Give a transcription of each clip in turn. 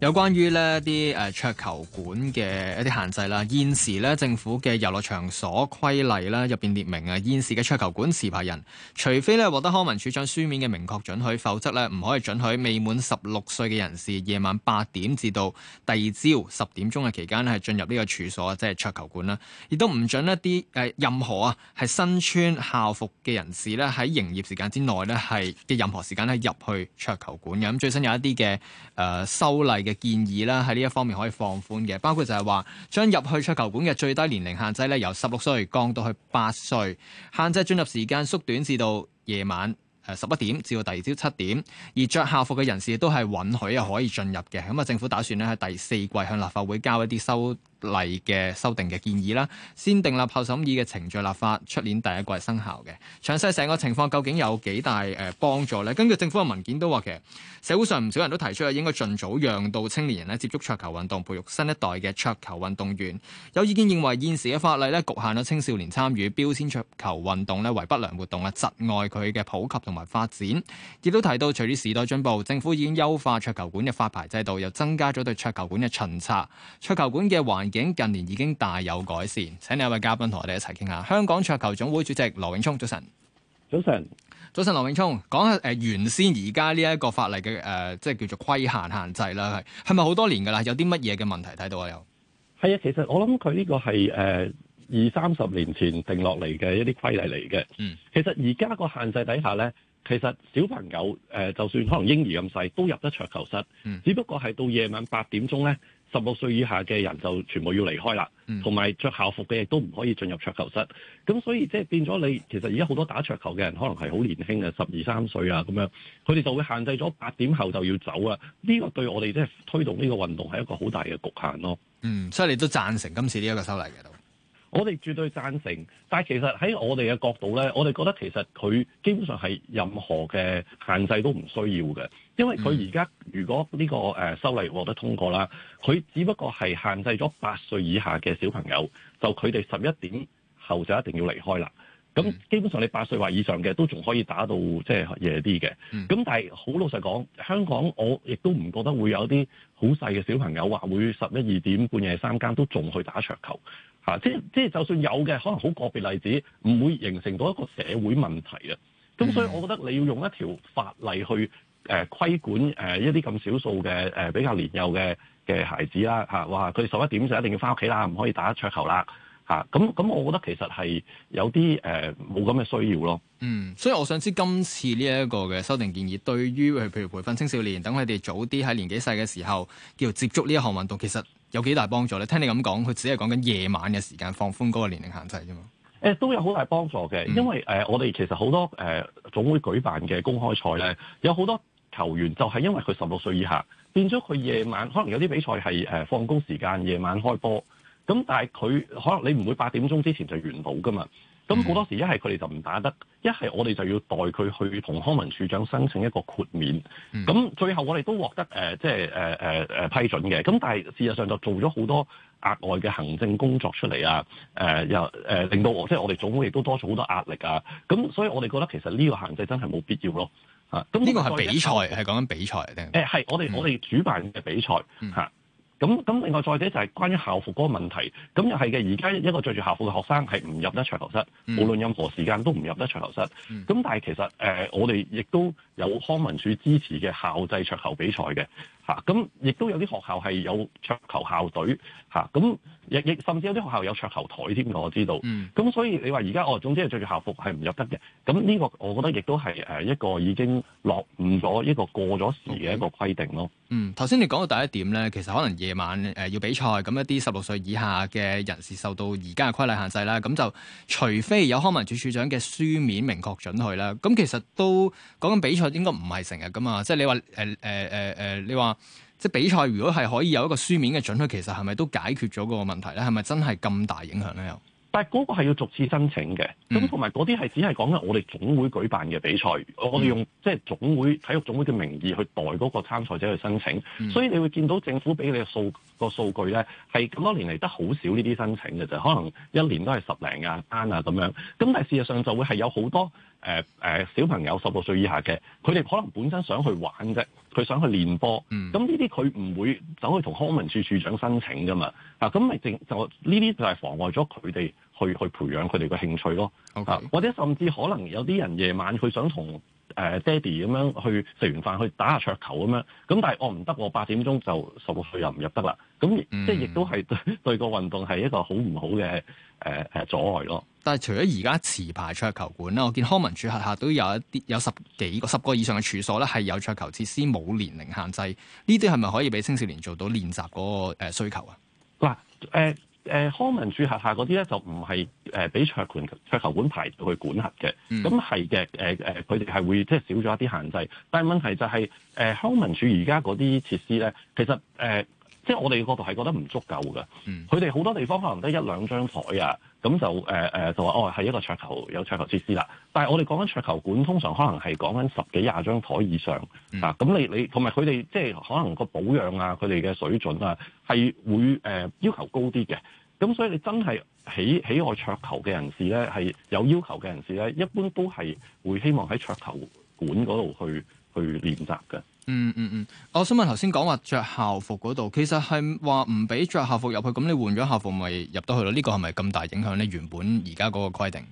有關於呢啲誒桌球館嘅一啲限制啦，現時咧政府嘅遊樂場所規例啦，入面列明啊，現時嘅桌球館持牌人，除非咧獲得康文署長書面嘅明確准許，否則咧唔可以准許未滿十六歲嘅人士夜晚八點至到第二朝十點鐘嘅期間咧進入呢個處所即係桌球館啦，亦都唔準一啲、呃、任何啊係身穿校服嘅人士咧喺營業時間之內咧係嘅任何時間咧入去桌球館，咁最新有一啲嘅誒修例嘅建議啦，喺呢一方面可以放寬嘅，包括就係話將入去桌球館嘅最低年齡限制咧，由十六歲降到去八歲，限制進入時間縮短至到夜晚誒十一點至到第二朝七點，而着校服嘅人士都係允許啊可以進入嘅。咁啊，政府打算咧喺第四季向立法會交一啲收。例嘅修訂嘅建議啦，先訂立後審議嘅程序立法，出年第一季生效嘅。詳細成個情況究竟有幾大誒幫助呢？根據政府嘅文件都話，其實社會上唔少人都提出，應該盡早讓到青年人接觸桌球運動，培育新一代嘅桌球運動員。有意見認為現時嘅法例呢局限咗青少年參與標籤桌球運動咧為不良活動啊，窒礙佢嘅普及同埋發展。亦都提到，隨住時代進步，政府已經優化桌球館嘅發牌制度，又增加咗對桌球館嘅巡查，桌球館嘅環。境近年已經大有改善，請你有位嘉賓同我哋一齊傾下。香港桌球總會主席羅永聰，早晨，早晨，早晨，羅永聰，講下誒、呃、原先而家呢一個法例嘅誒、呃，即係叫做規限限制啦，係係咪好多年噶啦？有啲乜嘢嘅問題睇到啊？有係啊，其實我諗佢呢個係誒二三十年前定落嚟嘅一啲規例嚟嘅。嗯，其實而家個限制底下咧，其實小朋友誒、呃，就算可能嬰兒咁細都入得桌球室。嗯、只不過係到夜晚八點鐘咧。十六歲以下嘅人就全部要離開啦，同埋着校服嘅亦都唔可以進入桌球室。咁所以即係變咗你，其實而家好多打桌球嘅人可能係好年輕嘅，十二三歲啊咁樣，佢哋就會限制咗八點後就要走啊。呢個對我哋即係推動呢個運動係一個好大嘅局限咯。嗯，所以你都贊成今次呢一個修例嘅。我哋絕對贊成，但係其實喺我哋嘅角度呢，我哋覺得其實佢基本上係任何嘅限制都唔需要嘅，因為佢而家如果呢、這個誒、呃、修例獲得通過啦，佢只不過係限制咗八歲以下嘅小朋友，就佢哋十一點後就一定要離開啦。咁基本上你八歲或以上嘅都仲可以打到，即係夜啲嘅。咁但係好老實講，香港我亦都唔覺得會有啲好細嘅小朋友話會十一二點半夜三更都仲去打桌球。啊！即即就算有嘅，可能好個別例子，唔會形成到一個社會問題嘅。咁所以，我覺得你要用一條法例去誒規管誒一啲咁少數嘅誒比較年幼嘅嘅孩子啦。嚇，話佢十一點就一定要返屋企啦，唔可以打桌球啦。嚇，咁咁，我覺得其實係有啲誒冇咁嘅需要咯。嗯，所以我想知今次呢一個嘅修訂建議，對於譬如培訓青少年，等佢哋早啲喺年紀細嘅時候，要接觸呢一項運動，其實～有幾大幫助咧？聽你咁講，佢只係講緊夜晚嘅時間放寬嗰個年齡限制啫嘛。誒，都有好大幫助嘅、嗯，因為誒、呃、我哋其實好多誒、呃、總會舉辦嘅公開賽咧，有好多球員就係因為佢十六歲以下，變咗佢夜晚可能有啲比賽係誒、呃、放工時間夜晚開波，咁但係佢可能你唔會八點鐘之前就完到㗎嘛。咁、嗯、好多時一係佢哋就唔打得，一係我哋就要代佢去同康文署長申請一個豁免。咁、嗯、最後我哋都獲得即係誒誒批准嘅。咁但係事實上就做咗好多額外嘅行政工作出嚟啊！誒、呃、又、呃呃、令到即我即係我哋總會亦都多咗好多壓力啊！咁、呃、所以我哋覺得其實呢個限制真係冇必要咯。啊，咁呢個係比賽係講緊比賽定？誒係我哋我哋主辦嘅比賽吓。咁咁，另外再者就係關於校服嗰個問題，咁又係嘅。而家一個着住校服嘅學生係唔入得桌球室，嗯，無論任何時間都唔入得桌球室。咁、嗯、但係其實誒、呃，我哋亦都有康文署支持嘅校際桌球比賽嘅。吓、啊，咁亦都有啲學校係有桌球校隊吓，咁亦亦甚至有啲學校有桌球台添，我知道。嗯，咁所以你話而家我總之係着住校服係唔入得嘅，咁呢個我覺得亦都係誒一個已經落伍咗一個過咗時嘅一個規定咯。嗯，頭先你講到第一點咧，其實可能夜晚誒要比賽，咁一啲十六歲以下嘅人士受到而家嘅規例限制啦，咁就除非有康文署署長嘅書面明確准許啦，咁其實都講緊比賽。應該唔係成日㗎嘛，即係你話誒誒誒誒，你話即係比賽如果係可以有一個書面嘅準許，其實係咪都解決咗個問題咧？係咪真係咁大影響咧？又？但係嗰個係要逐次申請嘅，咁同埋嗰啲係只係講緊我哋總會舉辦嘅比賽，嗯、我哋用即係、就是、總會體育總會嘅名義去代嗰個參賽者去申請、嗯，所以你會見到政府俾你嘅數個數據咧，係咁多年嚟得好少呢啲申請嘅就可能一年都係十零廿單啊咁樣。咁、嗯、但係事實上就會係有好多誒誒、呃呃、小朋友十六歲以下嘅，佢哋可能本身想去玩啫，佢想去練波，咁呢啲佢唔會走去同康文署署長申請㗎嘛。嗱咁咪正就呢啲就係妨礙咗佢哋。去去培養佢哋嘅興趣咯，okay. 或者甚至可能有啲人夜晚佢想同誒爹地咁樣去食完飯去打下桌球咁樣，咁但係我唔得喎，八點鐘就十六歲又唔入得啦。咁即係亦都係對個運動係一個很不好唔好嘅誒誒阻礙咯。但係除咗而家持牌桌球館啦，我見康文署轄下都有一啲有十幾個十個以上嘅處所咧，係有桌球設施冇年齡限制，呢啲係咪可以俾青少年做到練習嗰個誒需求啊？嗱、呃、誒。誒康文署轄下嗰啲咧就唔係誒俾桌球桌球館排隊去管轄嘅，咁係嘅誒佢哋係會即係、就是、少咗一啲限制。但係問題就係、是、誒、呃、康文署而家嗰啲設施咧，其實誒即係我哋嗰度係覺得唔足夠㗎。佢哋好多地方可能得一兩張台啊，咁就誒、呃、就話哦係一個桌球有桌球設施啦。但係我哋講緊桌球館，通常可能係講緊十幾廿張台以上、嗯、啊。咁你你同埋佢哋即係可能個保養啊，佢哋嘅水準啊，係會、呃、要求高啲嘅。咁所以你真係喜喜愛桌球嘅人士咧，係有要求嘅人士咧，一般都係會希望喺桌球館嗰度去去練習嘅。嗯嗯嗯，我想問頭先講話着校服嗰度，其實係話唔俾着校服入去，咁你換咗校服咪入到去咯？呢個係咪咁大影響咧？原本而家嗰個規定？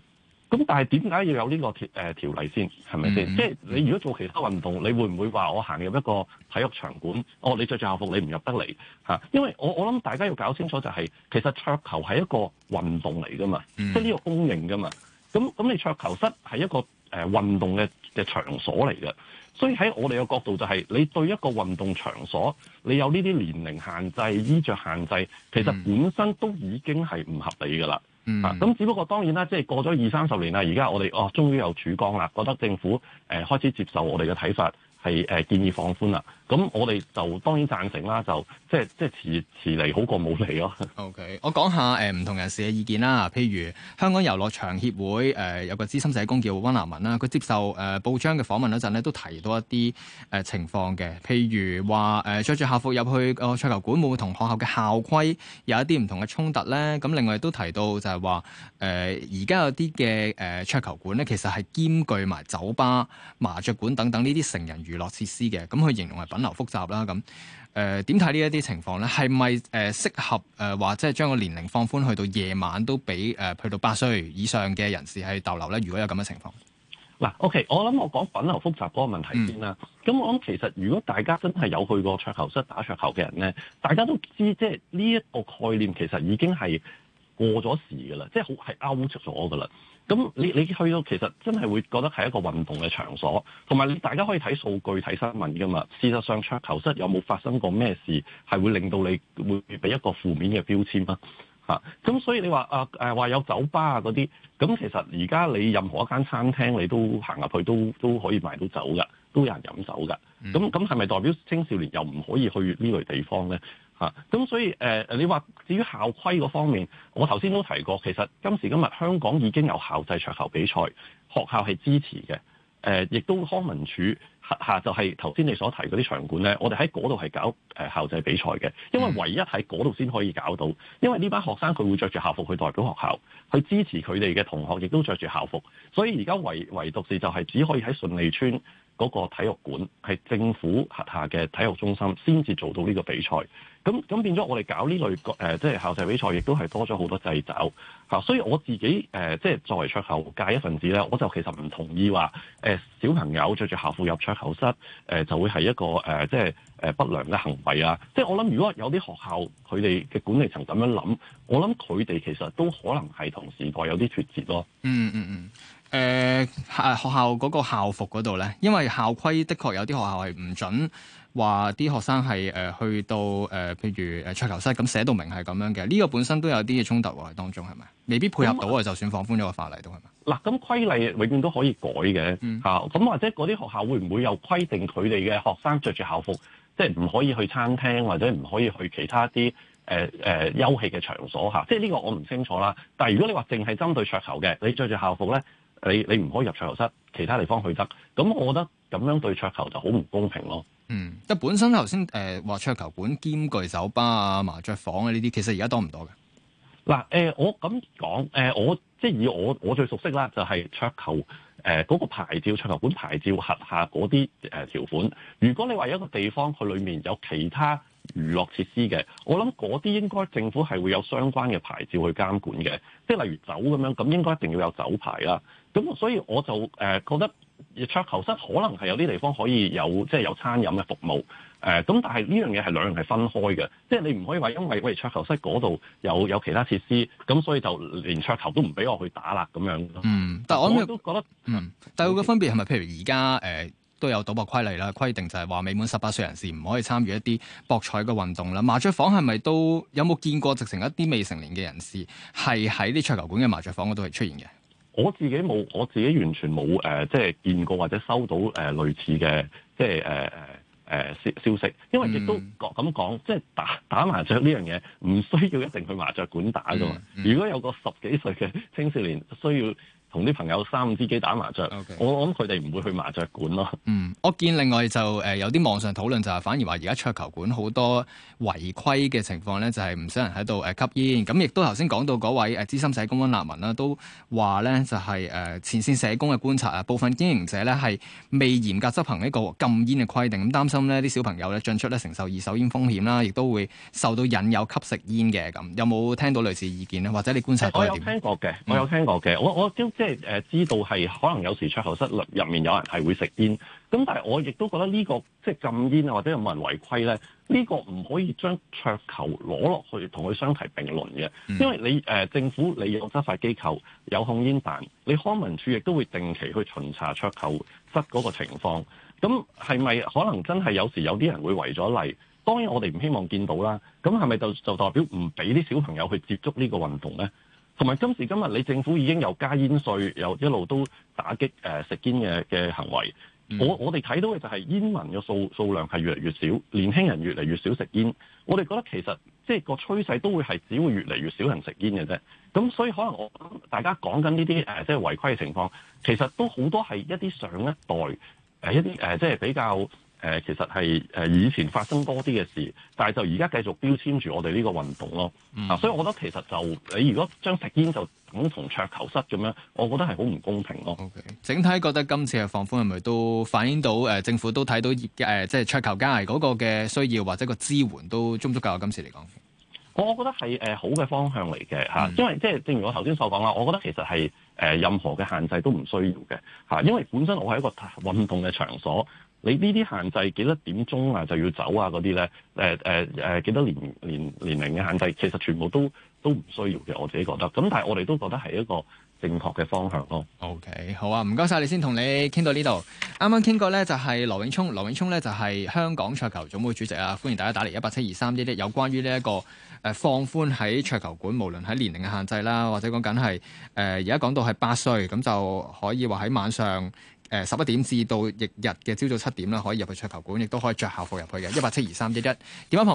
咁但係點解要有呢、個條、呃、條例先係咪先？即係、mm-hmm. 你如果做其他運動，你會唔會話我行入一個體育場館？哦，你着住校服你唔入得嚟吓？因為我我諗大家要搞清楚就係、係，其實桌球係一個運動嚟㗎嘛，即係呢個公認㗎嘛。咁咁你桌球室係一個、呃、運動嘅嘅場所嚟嘅，所以喺我哋嘅角度就係、係，你對一個運動場所，你有呢啲年齡限制、衣著限制，其實本身都已經係唔合理㗎啦。Mm-hmm. 啊、嗯，咁只不過當然啦，即係過咗二三十年啦，而家我哋哦，終於有曙光啦，覺得政府誒、呃、開始接受我哋嘅睇法。係誒建議放寬啦，咁我哋就當然贊成啦，就即係即係遲遲嚟好過冇嚟咯。OK，我講下誒唔、呃、同人士嘅意見啦。譬如香港遊樂場協會誒、呃、有個資深社工叫温立文啦，佢、啊、接受誒、呃、報章嘅訪問嗰陣咧，都提到一啲誒、呃、情況嘅。譬如話誒着住校服入去個桌球館有會唔會同學校嘅校規有一啲唔同嘅衝突咧？咁另外都提到就係話誒而家有啲嘅誒桌球館咧，其實係兼具埋酒吧、麻雀館等等呢啲成人娛娛樂設施嘅，咁佢形容係品流複雜啦，咁誒點睇呢一啲情況咧？係咪誒適合誒或者係將個年齡放寬去到夜晚都俾誒、呃、去到八歲以上嘅人士係逗留咧？如果有咁嘅情況，嗱，OK，我諗我講品流複雜嗰個問題先啦。咁、嗯、我諗其實如果大家真係有去過桌球室打桌球嘅人咧，大家都知道即係呢一個概念其實已經係過咗時噶啦，即係好係 out 咗噶啦。咁你你去到其實真係會覺得係一個運動嘅場所，同埋你大家可以睇數據睇新聞㗎嘛。事實上桌球室有冇發生過咩事係會令到你會俾一個負面嘅標籤啊？吓！咁所以你話啊，誒話有酒吧啊嗰啲，咁其實而家你任何一間餐廳你都行入去都都可以買到酒㗎，都有人飲酒㗎。咁咁係咪代表青少年又唔可以去呢類地方咧？咁、啊、所以誒、呃，你話至於校規嗰方面，我頭先都提過，其實今時今日香港已經有校際桌球比賽，學校係支持嘅。誒、呃，亦都康文署轄下就係頭先你所提嗰啲場館咧，我哋喺嗰度係搞、呃、校際比賽嘅，因為唯一喺嗰度先可以搞到，因為呢班學生佢會着住校服去代表學校，去支持佢哋嘅同學，亦都着住校服，所以而家唯唯獨是就係只可以喺順利邨。嗰、那個體育館係政府轄下嘅體育中心，先至做到呢個比賽。咁咁變咗，我哋搞呢類即係校際比賽，亦都係多咗好多掣肘、啊。所以我自己、呃、即係作為桌球界一份子咧，我就其實唔同意話、呃、小朋友着住校服入桌球室、呃、就會係一個、呃、即係不良嘅行為啊！即係我諗，如果有啲學校佢哋嘅管理層咁樣諗，我諗佢哋其實都可能係同時代有啲脱節咯。嗯嗯嗯。嗯誒、呃、學學校嗰個校服嗰度咧，因為校規的確有啲學校係唔準話啲學生係、呃、去到誒、呃、譬如誒桌球室咁寫到明係咁樣嘅，呢、呢個本身都有啲嘅衝突喎、啊，當中係咪？未必配合到啊，就算放寬咗個法例都係咪？嗱，咁規例永遠都可以改嘅嚇。咁、嗯、或者嗰啲學校會唔會有規定佢哋嘅學生着住校服，即係唔可以去餐廳或者唔可以去其他啲誒誒休息嘅場所嚇？即係呢個我唔清楚啦。但如果你話淨係針對桌球嘅，你着住校服咧？你你唔可以入桌球室，其他地方去得，咁我覺得咁樣對桌球就好唔公平咯。嗯，即本身頭先誒話桌球館兼具酒吧啊、麻雀房啊呢啲，其實而家多唔多嘅？嗱、呃，我咁講，誒、呃、我即以我我最熟悉啦，就係桌球誒嗰個牌照桌球館牌照轄下嗰啲、呃、條款。如果你話有一個地方佢裏面有其他，娛樂設施嘅，我諗嗰啲應該政府係會有相關嘅牌照去監管嘅，即係例如酒咁樣，咁應該一定要有酒牌啦。咁所以我就誒、呃、覺得桌球室可能係有啲地方可以有即係、就是、有餐飲嘅服務，誒、呃、咁，但係呢樣嘢係兩樣係分開嘅，即係你唔可以話因為喂桌球室嗰度有有其他設施，咁所以就連桌球都唔俾我去打啦咁樣咯。嗯，但係我亦都覺得，嗯，但係個分別係咪譬如而家誒？呃都有賭博規例啦，規定就係話未滿十八歲人士唔可以參與一啲博彩嘅運動啦。麻雀房係咪都有，冇見過直情一啲未成年嘅人士係喺啲桌球館嘅麻雀房嗰度係出現嘅？我自己冇，我自己完全冇誒，即、呃、係見過或者收到誒、呃、類似嘅即係誒誒誒消消息。因為亦都咁講，即係打打麻雀呢樣嘢唔需要一定去麻雀館打㗎嘛、嗯嗯。如果有個十幾歲嘅青少年需要。同啲朋友三五知己打麻雀，okay. 我諗佢哋唔會去麻雀館咯。嗯，我見另外就誒有啲網上討論就係反而話而家桌球館好多違規嘅情況咧，就係唔少人喺度誒吸煙。咁亦都頭先講到嗰位誒資深社工温立文啦，都話咧就係誒前線社工嘅觀察啊，部分經營者咧係未嚴格執行呢個禁煙嘅規定，咁擔心呢啲小朋友咧進出咧承受二手煙風險啦，亦都會受到引誘吸食煙嘅咁。有冇聽到類似意見呢？或者你觀察過點？我有聽過嘅，我有聽過嘅，我有聽過嘅我，我即係誒，知道係可能有時桌球室入面有人係會食煙，咁但係我亦都覺得呢個即係禁煙啊，或者有冇人違規咧？呢個唔可以將桌球攞落去同佢相提並論嘅，因為你、呃、政府你有執法機構有控煙辦，你康文署亦都會定期去巡查桌球室嗰個情況。咁係咪可能真係有時有啲人會違咗例？當然我哋唔希望見到啦。咁係咪就就代表唔俾啲小朋友去接觸呢個運動咧？同埋今時今日，你政府已經有加煙稅，又一路都打擊食煙嘅嘅行為。嗯、我我哋睇到嘅就係煙民嘅數數量係越嚟越少，年輕人越嚟越少食煙。我哋覺得其實即係、就是、個趨勢都會係只會越嚟越少人食煙嘅啫。咁所以可能我大家講緊呢啲即係違規嘅情況，其實都好多係一啲上一代一啲即係比較。誒其實係誒以前發生多啲嘅事，但係就而家繼續標籤住我哋呢個運動咯、嗯。所以我覺得其實就你如果將食煙就等同桌球室咁樣，我覺得係好唔公平咯。Okay. 整體覺得今次嘅放寬係咪都反映到誒、呃、政府都睇到業、呃、即係桌球界嗰個嘅需要或者個支援都足唔足夠？今次嚟講，我覺得係誒、呃、好嘅方向嚟嘅嚇，因為即係正如我頭先所講啦，我覺得其實係誒、呃、任何嘅限制都唔需要嘅嚇，因為本身我係一個運動嘅場所。你呢啲限制幾多點鐘啊就要走啊嗰啲咧？誒誒誒幾多年年年齡嘅限制，其實全部都都唔需要嘅。我自己覺得，咁但係我哋都覺得係一個正確嘅方向咯。OK，好啊，唔該晒。你先，同你傾到呢度。啱啱傾過咧，就係羅永聰，羅永聰咧就係香港桌球總會主席啊。歡迎大家打嚟一八七二三一一有關於呢一個誒放寬喺桌球館，無論喺年齡嘅限制啦，或者講緊係誒而家講到係八歲，咁就可以話喺晚上。誒、呃，十一點至到翌日嘅朝早七點啦，可以入去桌球館，亦都可以着校服入去嘅，一八七二三一一，電話旁邊。